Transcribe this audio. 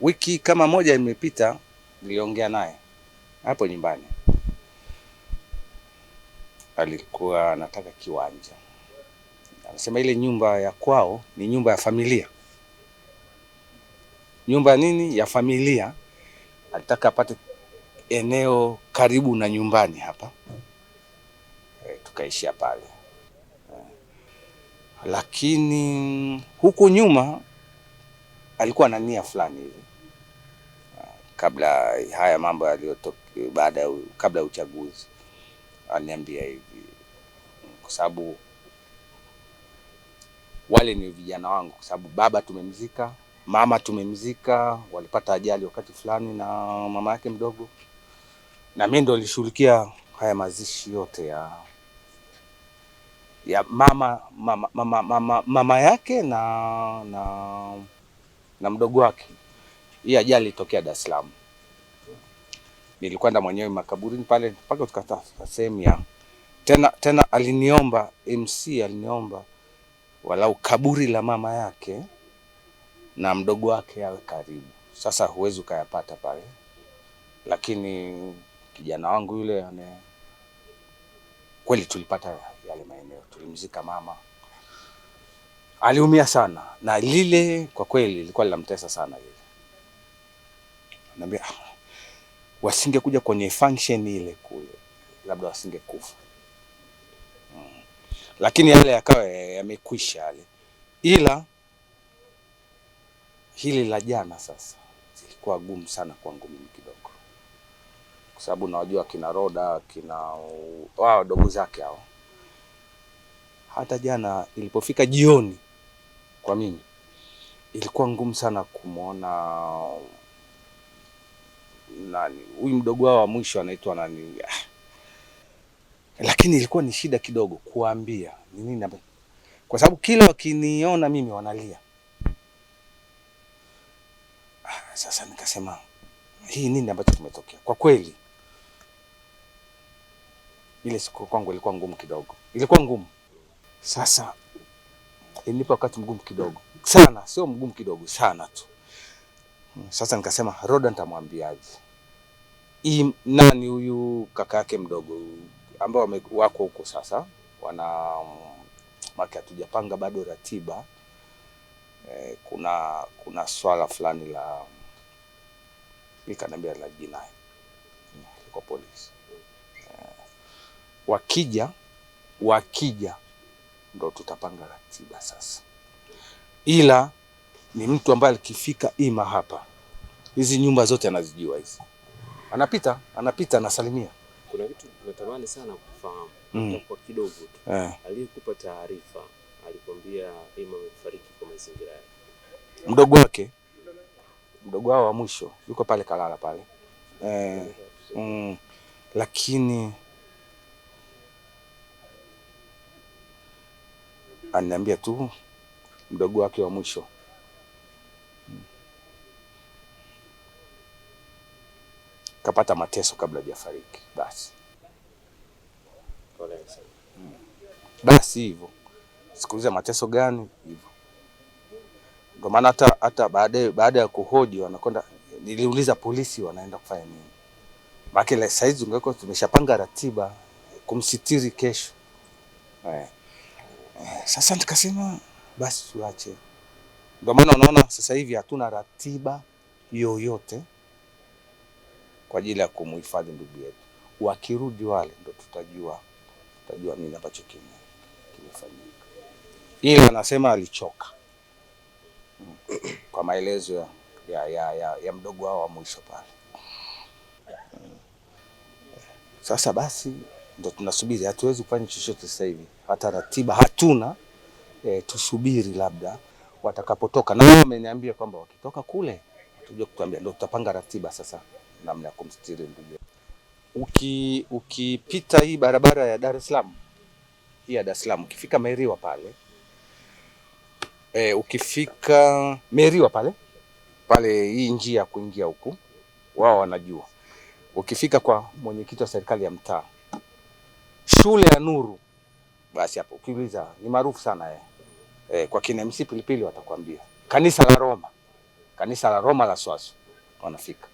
wiki kama moja imepita, niliongea naye hapo nyumbani, alikuwa anataka kiwanja. Anasema ile nyumba ya kwao ni nyumba ya familia, nyumba nini ya familia. Alitaka apate eneo karibu na nyumbani hapa, e, tukaishia pale lakini huku nyuma alikuwa na nia fulani hivi kabla haya mambo yaliyotokea baada kabla ya uchaguzi, aliniambia hivi, kwa sababu wale ni vijana wangu, kwa sababu baba tumemzika, mama tumemzika, walipata ajali wakati fulani na mama yake mdogo, na mimi ndo nilishughulikia haya mazishi yote ya ya mama mama, mama, mama, mama yake na, na, na mdogo wake. Hii ajali ilitokea Dar es Salaam nilikwenda mwenyewe makaburini pale mpaka tukata sehemu ya tena tena, aliniomba MC aliniomba walau kaburi la mama yake na mdogo wake awe karibu. Sasa huwezi ukayapata pale, lakini kijana wangu yule ane kweli tulipata yale maeneo, tulimzika mama. Aliumia sana na lile kwa kweli lilikuwa linamtesa sana, lile Anambia, ah, wasingekuja kwenye function ile kule, labda wasingekufa mm. Lakini yale yakawa yamekwisha yale, ila hili la jana sasa zilikuwa gumu sana kwangu mimi kidogo, kwa sababu nawajua kina Roda kina wao wadogo zake hao. Hata jana ilipofika jioni, kwa mimi ilikuwa ngumu sana kumwona nani huyu mdogo wao wa mwisho anaitwa nani, lakini ilikuwa ni shida kidogo kuambia ni nini, kwa sababu kila wakiniona mimi wanalia. Ah, sasa nikasema hii nini ambacho kimetokea? Kwa kweli ile siku kwangu ilikuwa ngumu kidogo, ilikuwa ngumu. Sasa ilinipa wakati mgumu kidogo sana, sio mgumu kidogo sana tu sasa nikasema Roda nitamwambiaje? Hii nani huyu kaka yake mdogo ambao wako huko sasa wana mm, maki, hatujapanga bado ratiba eh, kuna kuna swala fulani la ikaniambia la jinai kwa polisi eh, wakija wakija ndo tutapanga ratiba sasa, ila ni mtu ambaye alikifika ima hapa hizi nyumba zote anazijua hizi. Anapita anapita anasalimia. Kuna kitu natamani sana kufahamu mm. kwa kidogo tu yeah. Aliyekupa taarifa alikwambia Ima amefariki kwa mazingira yake? Mdogo wake mdogo wao wa mwisho yuko pale kalala pale eh, mm, lakini ananiambia tu mdogo wake wa mwisho kapata mateso kabla hajafariki. Basi hmm. Basi hivyo sikuliza mateso gani hivyo, ndio maana hata hata baada baada ya kuhoji wanakwenda, niliuliza polisi wanaenda kufanya nini, maana saizi ungekuwa tumeshapanga ratiba kumsitiri kesho eh. Sasa nikasema basi tuache, ndio maana unaona sasa hivi hatuna ratiba yoyote kwa ajili ya kumhifadhi ndugu yetu. Wakirudi wale ndo tutajua, tutajua nini ambacho kimefanyika, ila anasema alichoka kwa maelezo ya, ya, ya, ya, ya mdogo wao wa mwisho pale. Sasa basi ndo tunasubiri, hatuwezi kufanya chochote sasa hivi, hata ratiba hatuna e, tusubiri labda watakapotoka, na wameniambia kwamba wakitoka kule tujue kutuambia, ndo tutapanga ratiba sasa namna ya kumstiri ndugu. Uki ukipita hii barabara ya Dar es Salaam, hii ya Dar es Salaam, ukifika Meriwa pale e, ukifika Meriwa pale pale, hii njia ya kuingia huku wao wanajua. Ukifika kwa mwenyekiti wa serikali ya mtaa shule ya Nuru, basi hapo ukiuliza ni maarufu sana eh. E, kwa kina MC Pilipili watakwambia kanisa la Roma, kanisa la Roma la Swaso wanafika